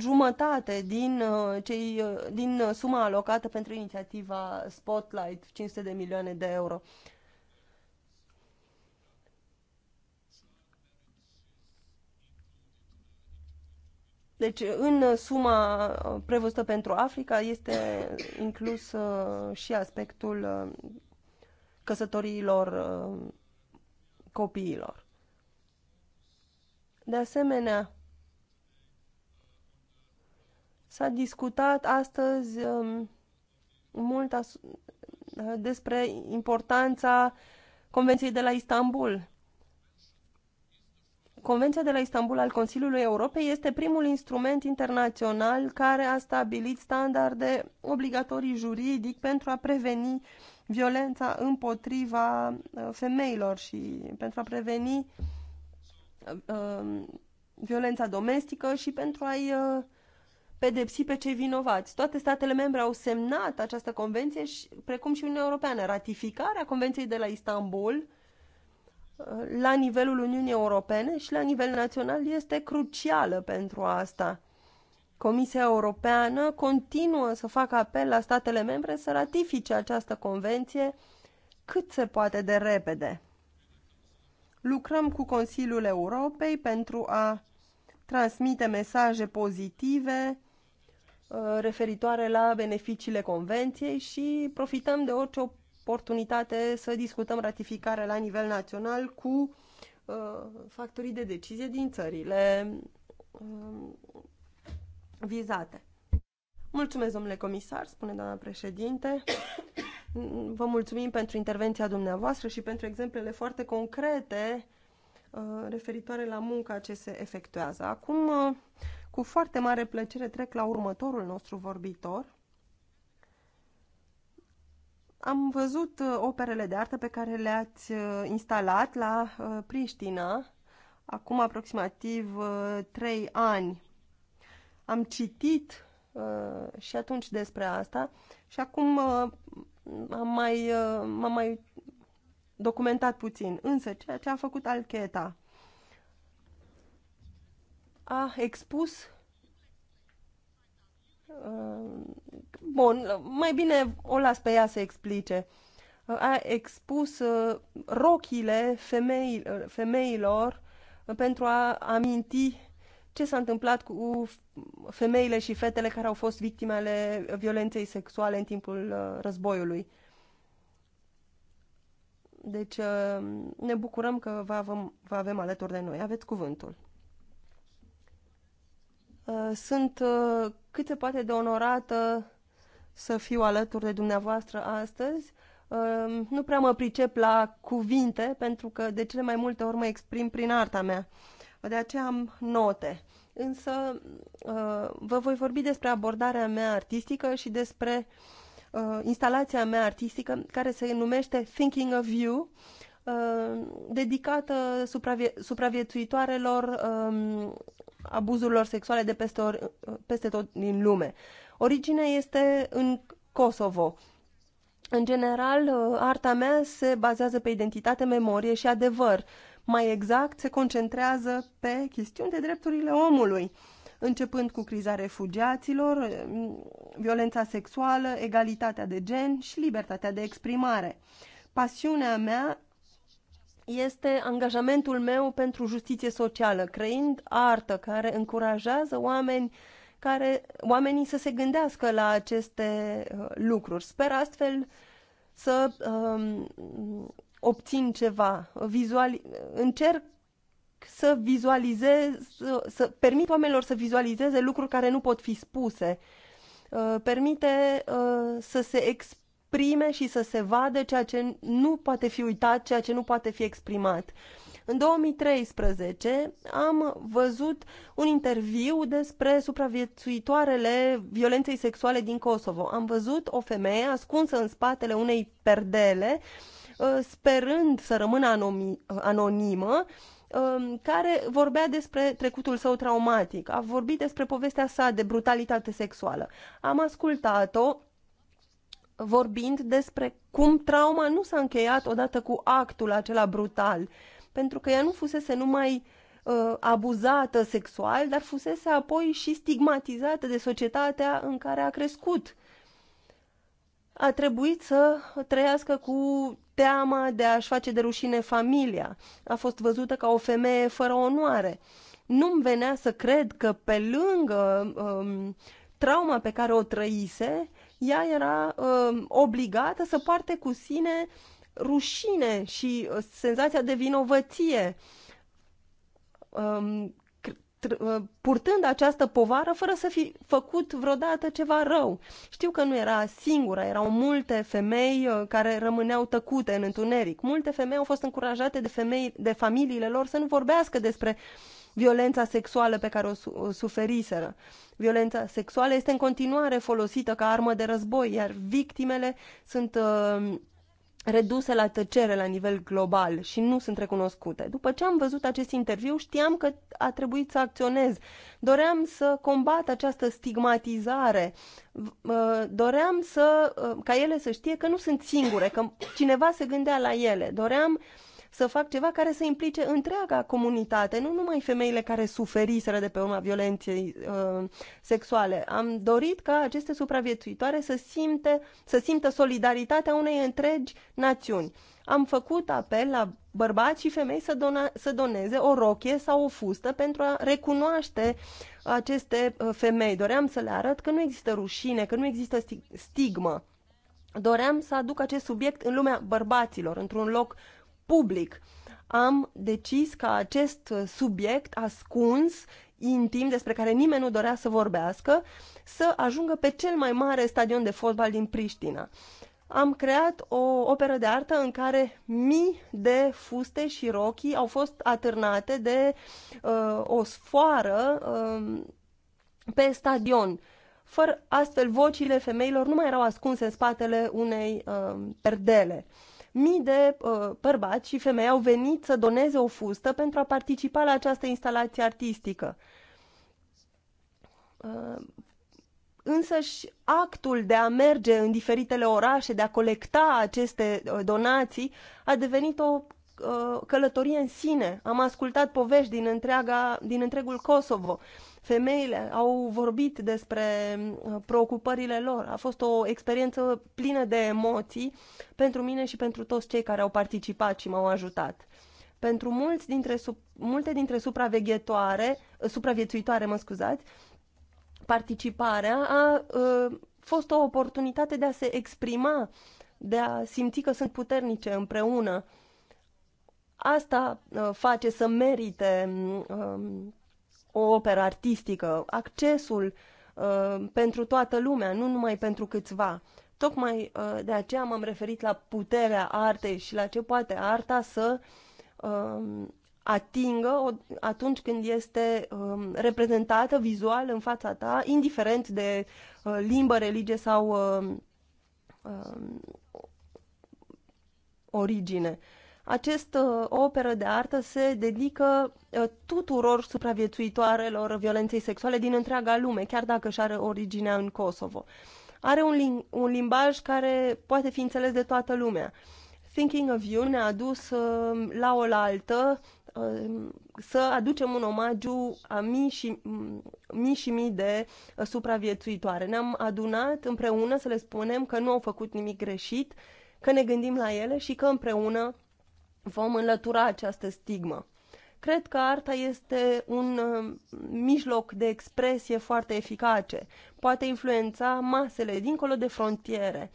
jumătate din, uh, cei, uh, din suma alocată pentru inițiativa Spotlight, 500 de milioane de euro. Deci, în suma prevăzută pentru Africa este inclus și aspectul căsătoriilor uh, copiilor. De asemenea, s-a discutat astăzi um, mult uh, despre importanța Convenției de la Istanbul. Convenția de la Istanbul al Consiliului Europei este primul instrument internațional care a stabilit standarde obligatorii juridic pentru a preveni violența împotriva uh, femeilor și pentru a preveni uh, violența domestică și pentru a-i uh, pedepsi pe cei vinovați. Toate statele membre au semnat această convenție, și, precum și Uniunea Europeană. Ratificarea convenției de la Istanbul la nivelul Uniunii Europene și la nivel național este crucială pentru asta. Comisia Europeană continuă să facă apel la statele membre să ratifice această convenție cât se poate de repede. Lucrăm cu Consiliul Europei pentru a transmite mesaje pozitive uh, referitoare la beneficiile convenției și profităm de orice oportunitate să discutăm ratificarea la nivel național cu uh, factorii de decizie din țările uh, vizate. Mulțumesc, domnule comisar, spune doamna președinte. Vă mulțumim pentru intervenția dumneavoastră și pentru exemplele foarte concrete uh, referitoare la munca ce se efectuează. Acum, uh, cu foarte mare plăcere, trec la următorul nostru vorbitor. Am văzut uh, operele de artă pe care le-ați instalat la Priștina acum aproximativ trei ani. Am citit uh, și atunci despre asta și acum uh, am mai, uh, m-am mai documentat puțin. Însă, ceea ce a făcut Alcheta a expus uh, Bun, mai bine o las pe ea să explice. A expus uh, rochile femei, uh, femeilor pentru a aminti ce s-a întâmplat cu femeile și fetele care au fost victime ale violenței sexuale în timpul uh, războiului. Deci uh, ne bucurăm că vă avem, vă avem alături de noi. Aveți cuvântul. Uh, sunt cât se poate de onorată să fiu alături de dumneavoastră astăzi. Nu prea mă pricep la cuvinte, pentru că de cele mai multe ori mă exprim prin arta mea de aceea am note. Însă uh, vă voi vorbi despre abordarea mea artistică și despre uh, instalația mea artistică care se numește Thinking of You, uh, dedicată supravie supraviețuitoarelor um, abuzurilor sexuale de peste, or, peste tot din lume. Originea este în Kosovo. În general, arta mea se bazează pe identitate, memorie și adevăr mai exact, se concentrează pe chestiuni de drepturile omului, începând cu criza refugiaților, violența sexuală, egalitatea de gen și libertatea de exprimare. Pasiunea mea este angajamentul meu pentru justiție socială, creând artă care încurajează oameni care, oamenii să se gândească la aceste uh, lucruri. Sper astfel să um, obțin ceva. vizuali, încerc să vizualizez, să, să permit oamenilor să vizualizeze lucruri care nu pot fi spuse. Uh, permite uh, să se exprime și să se vadă ceea ce nu poate fi uitat, ceea ce nu poate fi exprimat. În 2013 am văzut un interviu despre supraviețuitoarele violenței sexuale din Kosovo. Am văzut o femeie ascunsă în spatele unei perdele uh, Uh, sperând să rămână anonimă, um, care vorbea despre trecutul său traumatic, a vorbit despre povestea sa de brutalitate sexuală. Am ascultat-o vorbind despre cum trauma nu s-a încheiat odată cu actul acela brutal, pentru că ea nu fusese numai uh, abuzată sexual, dar fusese apoi și stigmatizată de societatea în care a crescut a trebuit să trăiască cu teama de a-și face de rușine familia. A fost văzută ca o femeie fără onoare. Nu-mi venea să cred că pe lângă um, trauma pe care o trăise, ea era um, obligată să poarte cu sine rușine și uh, senzația de vinovăție. Um, Uh, purtând această povară fără să fi făcut vreodată ceva rău. Știu că nu era singura, erau multe femei uh, care rămâneau tăcute în întuneric. Multe femei au fost încurajate de, femei, de familiile lor să nu vorbească despre violența sexuală pe care o, su- o suferiseră. Violența sexuală este în continuare folosită ca armă de război, iar victimele sunt uh, reduse la tăcere la nivel global și nu sunt recunoscute. După ce am văzut acest interviu, știam că a trebuit să acționez. Doream să combat această stigmatizare. Uh, doream să, uh, ca ele să știe că nu sunt singure, că cineva se gândea la ele. Doream uh, să fac ceva care să implice întreaga comunitate, nu numai femeile care suferiseră de pe urma violenței uh, sexuale. Am dorit ca aceste supraviețuitoare să, simte, să simtă solidaritatea unei întregi națiuni. Am făcut apel la bărbați și femei să, dona, să doneze o rochie sau o fustă pentru a recunoaște aceste uh, femei. Doream să le arăt că nu există rușine, că nu există stigmă. Doream să aduc acest subiect în lumea bărbaților, într-un loc public. Am decis ca acest subiect ascuns, intim, despre care nimeni nu dorea să vorbească, să ajungă pe cel mai mare stadion de fotbal din Priștina. Am creat o operă de artă în care mii de fuste și rochii au fost atârnate de uh, o sfoară uh, pe stadion. Fără astfel, vocile femeilor nu mai erau ascunse în spatele unei uh, perdele. Uh, Mii de uh, bărbați și femei au venit să doneze o fustă pentru a participa la această instalație artistică. Uh, și actul de a merge în diferitele orașe, de a colecta aceste uh, donații, a devenit o uh, călătorie în sine. Am ascultat povești din, întreaga, din întregul Kosovo Femeile au vorbit despre uh, preocupările lor. A fost o experiență plină de emoții pentru mine și pentru toți cei care au participat și m-au ajutat. Pentru mulți dintre, multe dintre supraveghetoare, uh, supraviețuitoare, mă scuzați, participarea a, a uh, fost o oportunitate de a se exprima, de a simți că sunt puternice împreună. Asta a, face să merite a, um, o operă artistică, accesul uh, pentru toată lumea, nu numai pentru câțiva. Tocmai uh, de aceea m-am referit la puterea artei și la ce poate arta să uh, atingă atunci când este uh, reprezentată vizual în fața ta, indiferent de uh, limbă, religie sau uh, uh, origine această uh, operă de artă se dedică uh, tuturor supraviețuitoarelor violenței sexuale din întreaga lume, chiar dacă și are originea în Kosovo. Are un, lim- un limbaj care poate fi înțeles de toată lumea. Thinking of You ne-a dus uh, la oaltă uh, să aducem un omagiu a mii și mii, și mii de uh, supraviețuitoare. Ne-am adunat împreună să le spunem că nu au făcut nimic greșit, că ne gândim la ele și că împreună vom înlătura această stigmă. Cred că arta este un uh, mijloc de expresie foarte eficace. Poate influența masele dincolo de frontiere.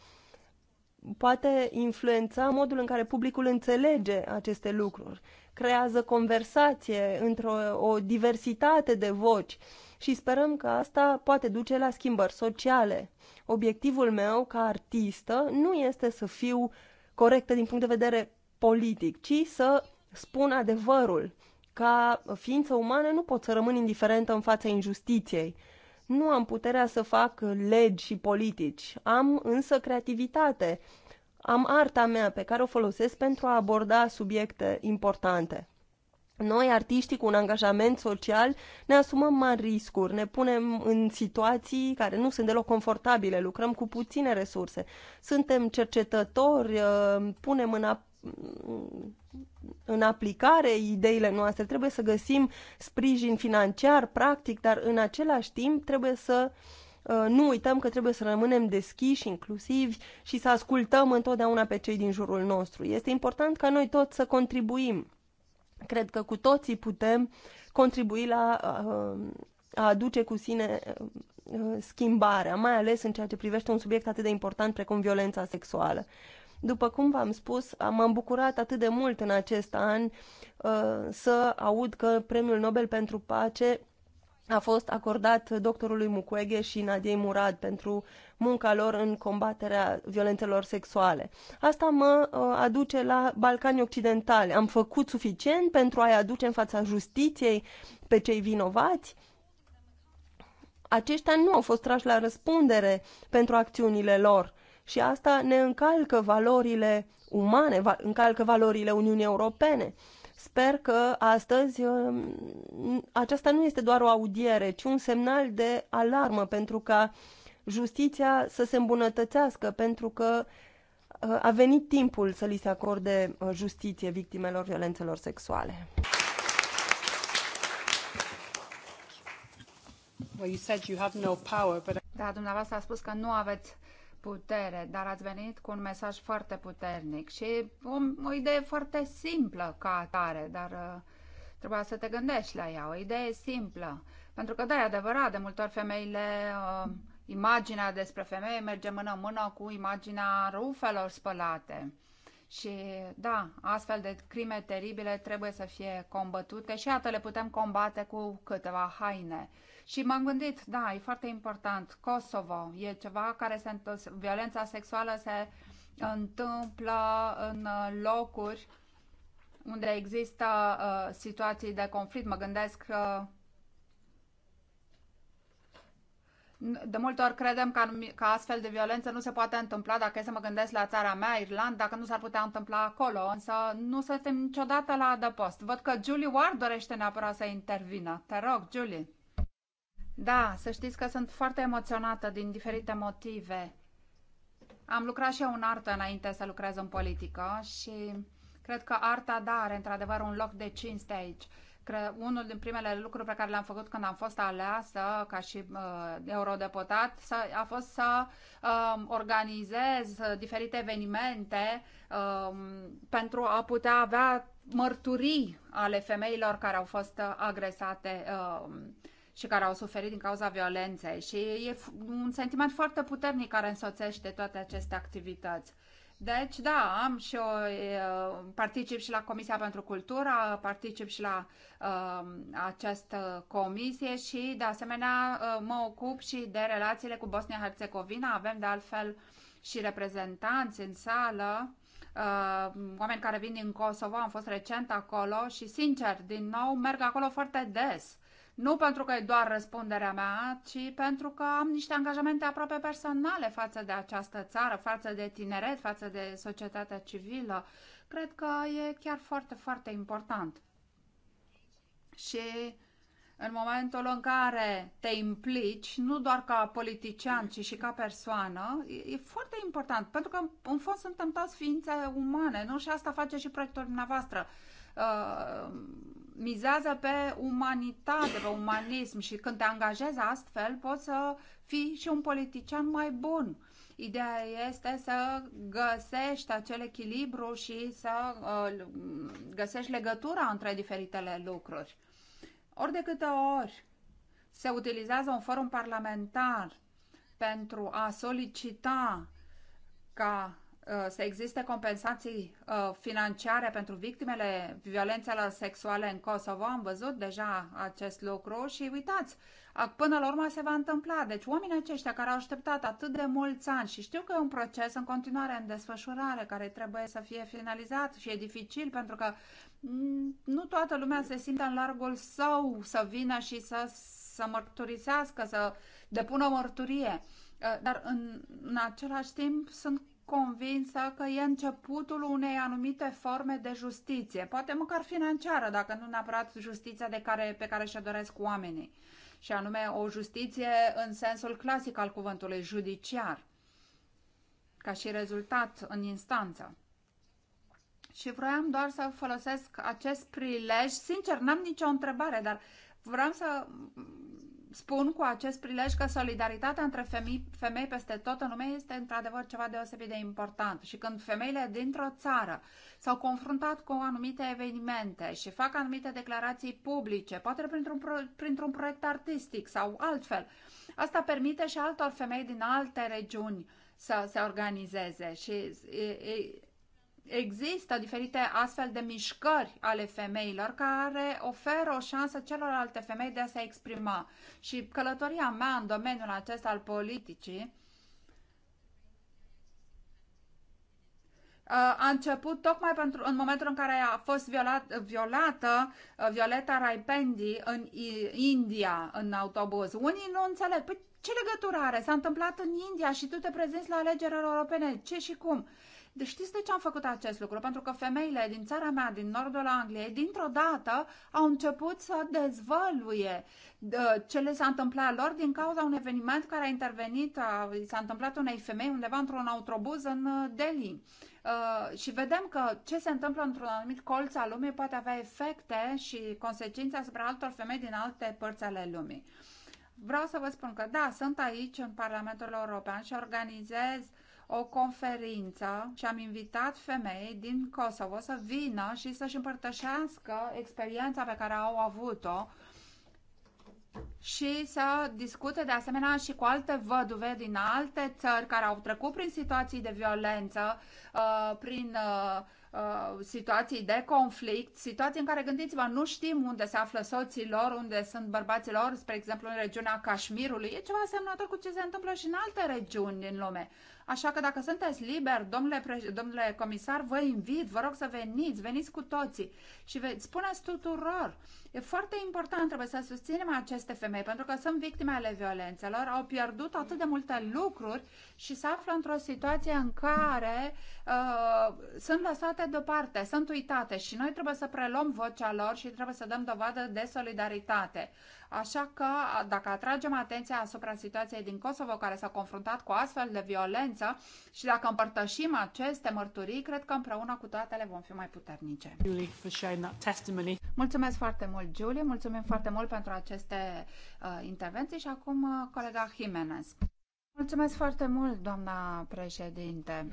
Poate influența modul în care publicul înțelege aceste lucruri. Creează conversație între o, o diversitate de voci și sperăm că asta poate duce la schimbări sociale. Obiectivul meu ca artistă nu este să fiu corectă din punct de vedere politic, ci să spun adevărul. Ca ființă umană nu pot să rămân indiferentă în fața injustiției. Nu am puterea să fac legi și politici, am însă creativitate, am arta mea pe care o folosesc pentru a aborda subiecte importante. Noi, artiștii cu un angajament social, ne asumăm mari riscuri, ne punem în situații care nu sunt deloc confortabile, lucrăm cu puține resurse, suntem cercetători, uh, punem în în aplicare ideile noastre, trebuie să găsim sprijin financiar, practic, dar în același timp trebuie să uh, nu uităm că trebuie să rămânem deschiși, inclusivi și să ascultăm întotdeauna pe cei din jurul nostru. Este important ca noi toți să contribuim. Cred că cu toții putem contribui la uh, a aduce cu sine uh, schimbarea, mai ales în ceea ce privește un subiect atât de important precum violența sexuală. După cum v-am spus, m-am bucurat atât de mult în acest an uh, să aud că Premiul Nobel pentru Pace a fost acordat doctorului Mukwege și Nadiei Murad pentru munca lor în combaterea violențelor sexuale. Asta mă uh, aduce la Balcanii Occidentale. Am făcut suficient pentru a-i aduce în fața justiției pe cei vinovați? Aceștia nu au fost trași la răspundere pentru acțiunile lor și asta ne încalcă valorile umane, va, încalcă valorile Uniunii Europene. Sper că astăzi um, aceasta nu este doar o audiere, ci un semnal de alarmă pentru ca justiția să se îmbunătățească, pentru că uh, a venit timpul să li se acorde uh, justiție victimelor violențelor sexuale. Da, dumneavoastră a spus că nu aveți putere, dar ați venit cu un mesaj foarte puternic și o, o idee foarte simplă ca atare, dar uh, trebuia să te gândești la ea, o idee simplă. Pentru că da, e adevărat, de multe ori femeile, uh, imaginea despre femeie merge mână-mână cu imaginea rufelor spălate. Și da, astfel de crime teribile trebuie să fie combătute și iată le putem combate cu câteva haine. Și m-am gândit, da, e foarte important, Kosovo e ceva care se violența sexuală se întâmplă în uh, locuri unde există uh, situații de conflict. Mă gândesc că uh, de multe ori credem că, că astfel de violență nu se poate întâmpla, dacă e să mă gândesc la țara mea, Irlanda, că nu s-ar putea întâmpla acolo, însă nu suntem niciodată la adăpost. Văd că Julie Ward dorește neapărat să intervină. Te rog, Julie. Da, să știți că sunt foarte emoționată din diferite motive. Am lucrat și eu în artă înainte să lucrez în politică și cred că arta, da, are într-adevăr un loc de cinste aici. Cred, unul din primele lucruri pe care le-am făcut când am fost aleasă ca și uh, eurodeputat să, a fost să um, uh, organizez diferite evenimente uh, pentru a putea avea mărturii ale femeilor care au fost uh, agresate uh, și care au suferit din cauza violenței și e un sentiment foarte puternic care însoțește toate aceste activități. Deci, da, am și o, particip și la Comisia pentru Cultura, particip și la uh, această comisie și, de asemenea, uh, mă ocup și de relațiile cu Bosnia-Herzegovina. Avem, de altfel, și reprezentanți în sală, uh, oameni care vin din Kosovo, am fost recent acolo și, sincer, din nou, merg acolo foarte des nu pentru că e doar răspunderea mea, ci pentru că am niște angajamente aproape personale față de această țară, față de tineret, față de societatea civilă. Cred că e chiar foarte, foarte important. Și în momentul în care te implici, nu doar ca politician, ci și ca persoană, e foarte important, pentru că în fond suntem toți ființe umane, nu? Și asta face și proiectul dumneavoastră. Uh, mizează pe umanitate, pe umanism și când te angajezi astfel poți să fii și un politician mai bun. Ideea este să găsești acel echilibru și să uh, găsești legătura între diferitele lucruri. Ori de câte ori se utilizează un forum parlamentar pentru a solicita ca Uh, să existe compensații uh, financiare pentru victimele violențelor sexuale în Kosovo. Am văzut deja acest lucru și uitați, până la urmă se va întâmpla. Deci oamenii aceștia care au așteptat atât de mulți ani și știu că e un proces în continuare în desfășurare care trebuie să fie finalizat și e dificil pentru că mm, nu toată lumea se simte în largul său să vină și să, să mărturisească, să depună mărturie. Uh, dar în, în același timp sunt convinsă că e începutul unei anumite forme de justiție, poate măcar financiară, dacă nu neapărat justiția de care, pe care și-o doresc oamenii, și anume o justiție în sensul clasic al cuvântului judiciar, ca și rezultat în instanță. Și vroiam doar să folosesc acest prilej. Sincer, n-am nicio întrebare, dar vreau să spun cu acest prilej că solidaritatea între femei, femei peste tot în lume este într-adevăr ceva deosebit de important și când femeile dintr-o țară s-au confruntat cu anumite evenimente și fac anumite declarații publice, poate printr-un, pro, printr-un proiect artistic sau altfel, asta permite și altor femei din alte regiuni să se organizeze și există diferite astfel de mișcări ale femeilor care oferă o șansă celorlalte femei de a se exprima. Și călătoria mea în domeniul acesta al politicii uh, a început tocmai pentru, în momentul în care a fost violat, violată uh, Violeta Raipendi în India, în autobuz. Unii nu înțeleg. Păi ce legătură are? S-a întâmplat în India și tu te prezinți la alegerile europene. Ce și cum? Deci știți de ce am făcut acest lucru? Pentru că femeile din țara mea, din nordul Angliei, dintr-o dată au început să dezvăluie ce le s-a întâmplat lor din cauza unui eveniment care a intervenit, s-a întâmplat unei femei undeva într-un autobuz în uh, Delhi. Uh, și vedem că ce se întâmplă într-un anumit colț al lumii poate avea efecte și consecințe asupra altor femei din alte părți ale lumii. Vreau să vă spun că da, sunt aici în Parlamentul European și organizez uh, o conferință și am invitat femei din Kosovo să vină și să-și împărtășească experiența pe care au avut-o și să discute de asemenea și cu alte văduve din alte țări care au trecut prin situații de violență, uh, prin uh, uh, situații de conflict, situații în care, gândiți-vă, nu știm unde se află soții lor, unde sunt bărbații lor, spre exemplu în regiunea Cașmirului, e ceva asemănător cu ce se întâmplă și în alte regiuni din lume. Așa că dacă sunteți liber, domnule, domnule comisar, vă invit, vă rog să veniți, veniți cu toții și spuneți tuturor E foarte important, trebuie să susținem aceste femei, pentru că sunt victime ale violențelor, au pierdut atât de multe lucruri și se află într-o situație în care uh, sunt lăsate deoparte, sunt uitate și noi trebuie să preluăm vocea lor și trebuie să dăm dovadă de solidaritate. Așa că, dacă atragem atenția asupra situației din Kosovo, care s-a confruntat cu astfel de violență, și dacă împărtășim aceste mărturii, cred că împreună cu toate le vom fi mai puternice. Mulțumesc foarte mult! mult, Julie, mulțumim foarte mult pentru aceste uh, intervenții și acum uh, colega Jimenez. Mulțumesc foarte mult, doamna președinte.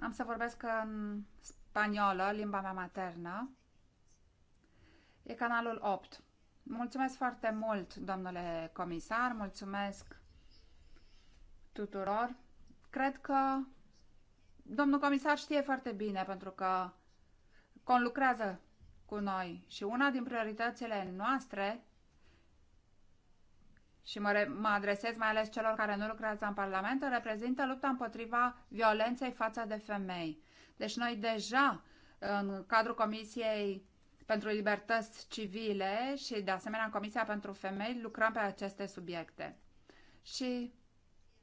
Am să vorbesc în spaniolă, limba mea maternă. E canalul 8. Mulțumesc foarte mult, domnule comisar, mulțumesc tuturor. Cred că domnul comisar știe foarte bine, pentru că conlucrează cu noi și una din prioritățile noastre și mă, mă adresez mai ales celor care nu lucrează în Parlament, reprezintă lupta împotriva violenței față de femei. Deci noi deja, în cadrul Comisiei pentru Libertăți Civile și de asemenea în Comisia pentru Femei, lucrăm pe aceste subiecte. Și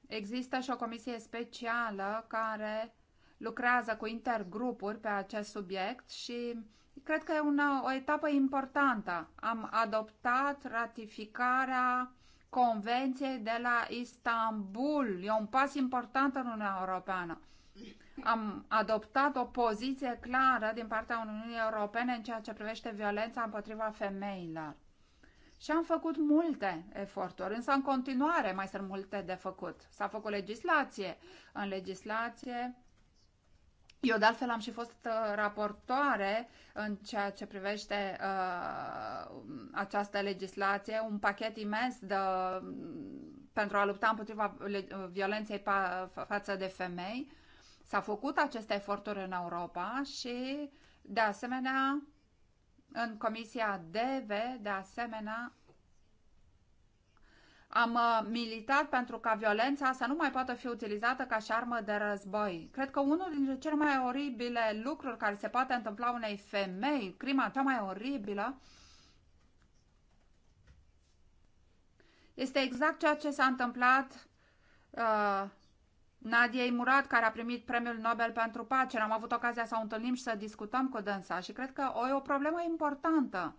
există și o comisie specială care lucrează cu intergrupuri pe acest subiect și cred că e una, o etapă importantă. Am adoptat ratificarea Convenției de la Istanbul. E un pas important în Uniunea Europeană. Am adoptat o poziție clară din partea Uniunii Europene în ceea ce privește violența împotriva femeilor. Și am făcut multe eforturi, însă în continuare mai sunt multe de făcut. S-a făcut legislație. În legislație eu, de altfel, am și fost uh, raportoare în ceea ce privește uh, această legislație, un pachet imens de, pentru a lupta împotriva uh, violenței pa, față de femei. s a făcut aceste eforturi în Europa și, de asemenea, în Comisia DEVE, de asemenea, am uh, militat pentru ca violența să nu mai poată fi utilizată ca și armă de război. Cred că unul dintre cele mai oribile lucruri care se poate întâmpla unei femei, crima cea mai oribilă, este exact ceea ce s-a întâmplat uh, Nadiei Murat, care a primit premiul Nobel pentru pace. Am avut ocazia să o întâlnim și să discutăm cu dânsa și cred că o, e o problemă importantă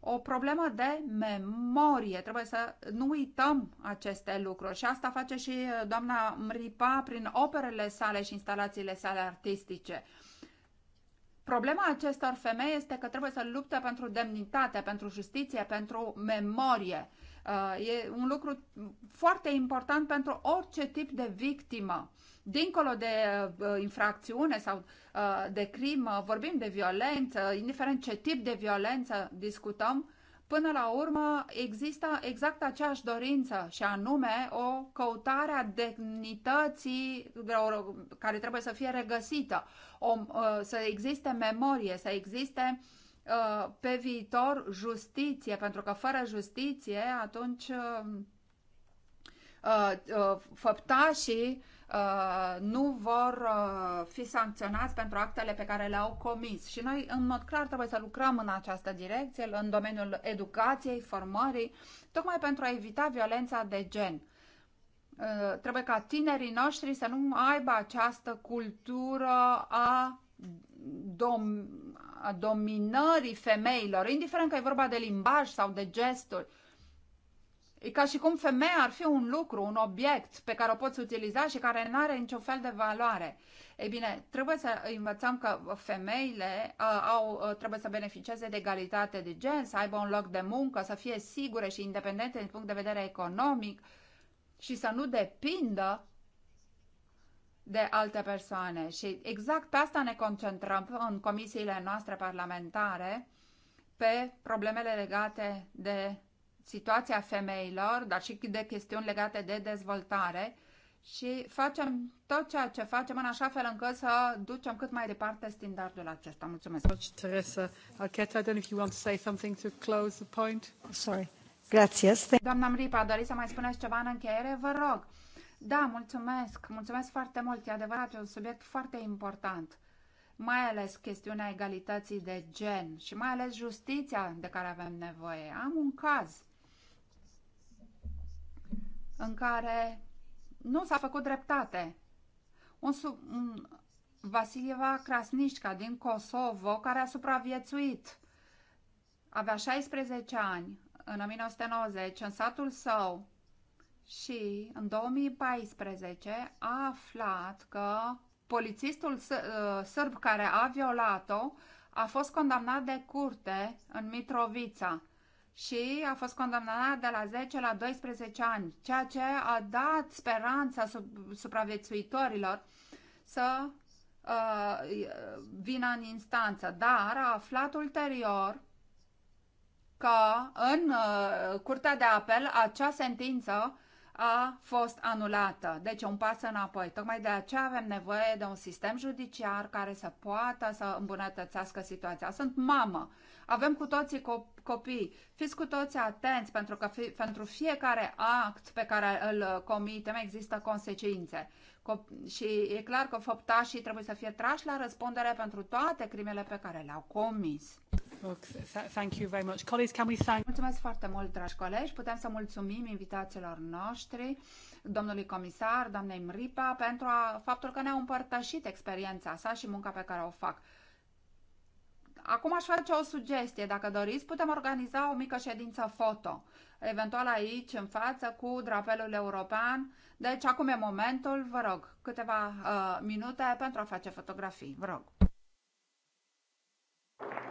o problemă de memorie. Trebuie să nu uităm aceste lucruri și asta face și uh, doamna Mripa prin operele sale și instalațiile sale artistice. Problema acestor femei este că trebuie să lupte pentru demnitate, pentru justiție, pentru memorie. Uh, e un lucru foarte important pentru orice tip de victimă dincolo de uh, infracțiune sau uh, de crimă, vorbim de violență, indiferent ce tip de violență discutăm, până la urmă există exact aceeași dorință și anume o căutare a demnității care trebuie să fie regăsită, o, uh, să existe memorie, să existe uh, pe viitor justiție, pentru că fără justiție atunci uh, uh, uh făptașii Uh, nu vor uh, fi sancționați pentru actele pe care le-au comis. Și noi, în mod clar, trebuie să lucrăm în această direcție, în domeniul educației, formării, tocmai pentru a evita violența de gen. Uh, trebuie ca tinerii noștri să nu aibă această cultură a dom- a dominării femeilor, indiferent că e vorba de limbaj sau de gesturi. E ca și cum femeia ar fi un lucru, un obiect pe care o poți utiliza și care nu are niciun fel de valoare. Ei bine, trebuie să învățăm că femeile uh, au, uh, trebuie să beneficieze de egalitate de gen, să aibă un loc de muncă, să fie sigure și independente din punct de vedere economic și să nu depindă de alte persoane. Și exact pe asta ne concentrăm în comisiile noastre parlamentare, pe problemele legate de situația femeilor, dar și de chestiuni legate de dezvoltare și facem tot ceea ce facem în așa fel încât să ducem cât mai departe standardul acesta. Mulțumesc. Teresa Alcheta, I don't know if you want to say something to close the point. Sorry. Gracias. Doamna Mripa, doriți să mai spuneți ceva în încheiere? Vă rog. Da, mulțumesc. Mulțumesc foarte mult. E adevărat, e un subiect foarte important mai ales chestiunea egalității de gen și mai ales justiția de care avem nevoie. Am un caz în care nu s-a făcut dreptate. Un, sub, un Vasilieva Krasnișca din Kosovo, care a supraviețuit, avea 16 ani în 1990 în satul său și în 2014 a aflat că polițistul uh, sârb care a violat-o a fost condamnat de curte în Mitrovița și a fost condamnat de la 10 la 12 ani, ceea ce a dat speranța sub, supraviețuitorilor să uh, vină în instanță. Dar a aflat ulterior că în uh, curtea de apel acea sentință a fost anulată. Deci un pas înapoi. Tocmai de aceea avem nevoie de un sistem judiciar care să poată să îmbunătățească situația. Sunt mamă. Avem cu toții cop- copii. Fiți cu toții atenți pentru că fi- pentru fiecare act pe care îl comitem există consecințe. Cop- și e clar că făptașii trebuie să fie trași la răspundere pentru toate crimele pe care le-au comis. Mulțumesc foarte mult, dragi colegi. Putem să mulțumim invitațiilor noștri, domnului comisar, doamnei Mripa, pentru a, faptul că ne-au împărtășit experiența sa și munca pe care o fac. Acum aș face o sugestie. Dacă doriți, putem organiza o mică ședință foto, eventual aici, în față, cu drapelul european. Deci, acum e momentul, vă rog, câteva uh, minute pentru a face fotografii. Vă rog.